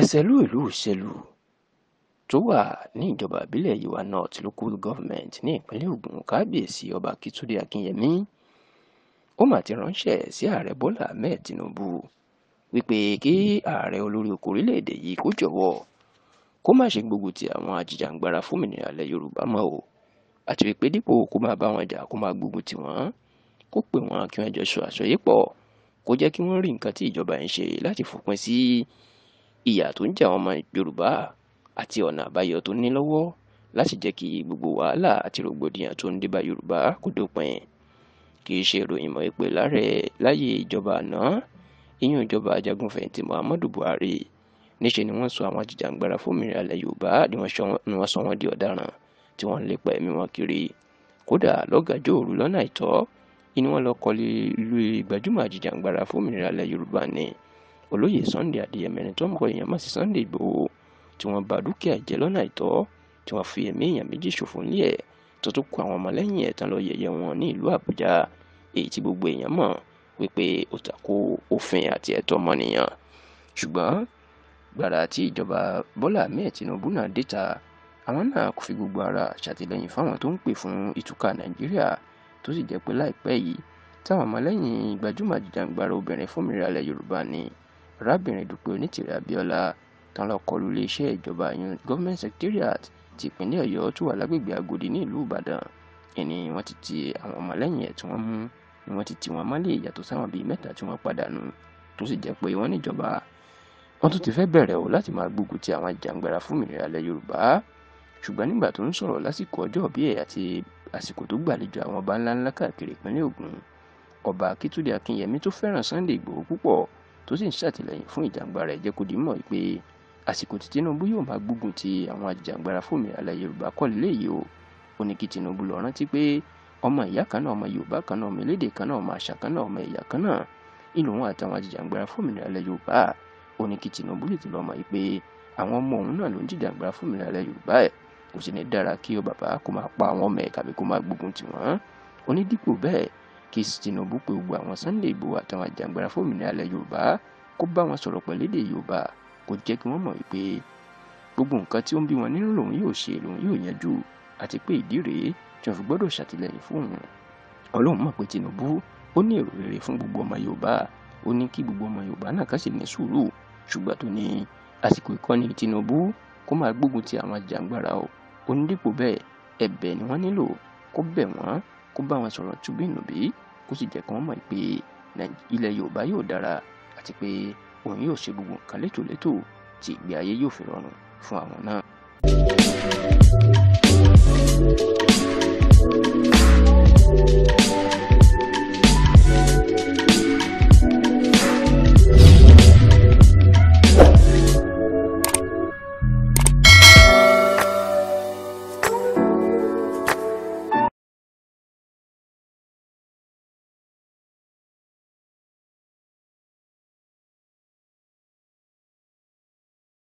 Ẹsẹ̀lú ìlú Òṣèlú tó wà ní ìjọba ìbílẹ̀ Yewa North Local Government ní ìpínlẹ̀ Ògùn Kábíyèsí Ọba Akitunde Akinyemi, ó mà ti ránṣẹ́ sí Ààrẹ Bọ́lá Ahmed Tinubu wípé kí ààrẹ olórí oko orílẹ̀-èdè yìí kó jọ̀wọ́ kó má ṣe gbógun ti àwọn ajìjàǹgbara fómìnira ilẹ̀ Yorùbá mọ́ o àti wípé dípò kó máa bá wọn jà kó máa gbógun ti wọ́n kó pè wọ́n kí wọ́n jọ sọ àsọyépọ̀ kó jẹ́ kí wọ́n rí nǹkan tí ìjọba ń ṣe láti fòpin sí ìyà tó ń jẹ àwọn ọmọ Yorùbá àti ọ̀nà àbáyọ tó ní lọ́wọ́ láti jẹ́ kí gbogbo wàhálà àti rògbòdìyàn tó ń débá Yorùbá kó dópin kì í ṣe ìròyìn mọ́ ìpè láre láyé ìjọba àná ìyún ìjọba ajagunfẹ̀yìntì Muhammadu Buhari níṣe ni wọ́n sọ àwọn jìjàǹgbara fómìnira ilẹ̀ Yorùbá ni wọ́n sọ wọ́n di ọ̀daràn tí wọ́n lépa ẹ̀mí wọn kiri kódà lọ́gàjọ́ òru lọ́nà àìtọ́ ni wọ́n lọ kọ́lé ìlú gbajúmọ̀ àjìjàǹgbara fómìnira ilẹ̀ Yorùbá ni olóyè Sunday Adéyẹmẹrin tó ń kọ èèyàn má sí Sunday Ìgbòho tí wọ́n bà dúkìá jẹ́ lọ́nà àìtọ́ tí wọ́n fi ẹ̀mí èèyàn méjì ṣòfò nílẹ̀ tó tún kó àwọn ọmọlẹ́yìn ẹ̀ tán lọ yẹ̀yẹ́ wọn ní ìlú Àbújá èyí tí gbogbo èèyàn mọ̀ wípé ó tako òfin àti ẹ̀tọ́ ọmọnìyàn ṣùgbọ́n gbàrà tí ìjọba Bọ́lá Ahmed Tinubu náà déta àwọn náà kò fi gbogbo ara ṣàtìlẹ́yìn fáwọn tó ń pè fún ìtúká Nàìjíríà tó sì jẹ́ pé láìpẹ́ yìí táwọn ọmọlẹ́yìn gbajúmọ̀ jìjàǹgbara obìnrin fún òmìnira ilẹ̀ Yorùbá ni arábìnrin Dúpẹ́ Onítìrí Abíọ́lá tán lọ kọlu iléeṣẹ́ ìjọba yun Government Secretariat ti ìpínlẹ̀ Ọ̀yọ́ tó wà lágbègbè Agodi ní ìlú Ìbàdàn ẹni wọ́n ti ti àwọn ọmọlẹ́yìn ẹ̀ tí wọ́n mú ni wọ́n ti tì wọ́n mọ́lé ìyàtọ̀ sáwọn bíi mẹ́ta tí wọ́n pàdánù tó sì jẹ́ pé wọ́n níjọba wọ́n tún ti fẹ́ bẹ̀rẹ̀ o láti máa gbógun ti àwọn jàǹgbara fún òmìnira ilẹ̀ Yorùbá ṣùgbọ́n nígbà tó ń sọ̀rọ̀ lásìkò ọjọ́ bí ẹ̀ àti àsìkò tó gbàlejò àwọn ọba ńláńlá káàkiri ìpínlẹ̀ Ògùn ọba Akíntúndé Akínyẹmí tó fẹ́ràn Sunday Ìgbòho púpọ̀ tó sì ń ṣàtìlẹ́yìn fún ìjàǹgbara ẹ̀ jẹ́ kó di mọ̀ pé àsìkò tí Tinubu yóò máa gbógun ti àwọn àjàǹgbara fòmìnira Yorùbá kọ́ léyìí o ó ní kí Tinubu lọ rántí pé ọmọ ìyá kan náà ọmọ Yorùbá kan náà ọmọ elédè kan náà ọmọ àṣà kan náà ọmọ ẹ̀yà kan náà ìlú òun àtàwọn àjàǹgbara fòmìnira Yorùbá ó ní kí Tinubu lè ti lọ mọ̀ pé àwọn ọmọ òun náà ló ń jìjàǹgbara fòmìnira Yorùbá ẹ̀ kò sì ní dára kí o bàbá kó máa pa àwọn ọmọ ẹ̀ tàbí kó máa gbógun tì ó ní dípò bẹ́ẹ̀ Kis Tinubu pé gbogbo àwọn Sunday Igboho àtàwọn àjàǹgbara fòmìnira ilẹ̀ Yorùbá kó bá wọn sọ̀rọ̀ pẹ̀lú èdè Yorùbá kó jẹ́ kí wọ́n mọ̀ wípé gbogbo nǹkan tí ó ń bí wọn nínú lòun yóò ṣe lòun yóò yanjú àti pé ìdí rèé tí wọn fi gbọ́dọ̀ ṣàtìlẹ́yìn fún òun Ọlọ́run mọ̀ pé Tinubu ó ní èrò rere fún gbogbo ọmọ Yorùbá ó ní kí gbogbo ọmọ Yorùbá náà kàn sì ní sùúrù ṣùgbọ́n tó ní àsìkò ìkọ́ni Tinubu kó máa gbógun ti àwọn àjàǹgbara o onídìpọ̀ bẹ́ẹ̀ ẹ̀bẹ̀ ni wọ́n nílò kó bẹ̀ wọ́n kó bá wọn sọ̀rọ̀ tùbínùbí kó sì jẹ́ kí wọ́n mọ̀ pé ilẹ̀ yorùbá yóò dára àti pé òun yóò ṣe gbogbo nǹkan létòlétò tí ìgbé ayé yóò fi rọrùn fún àwọn náà.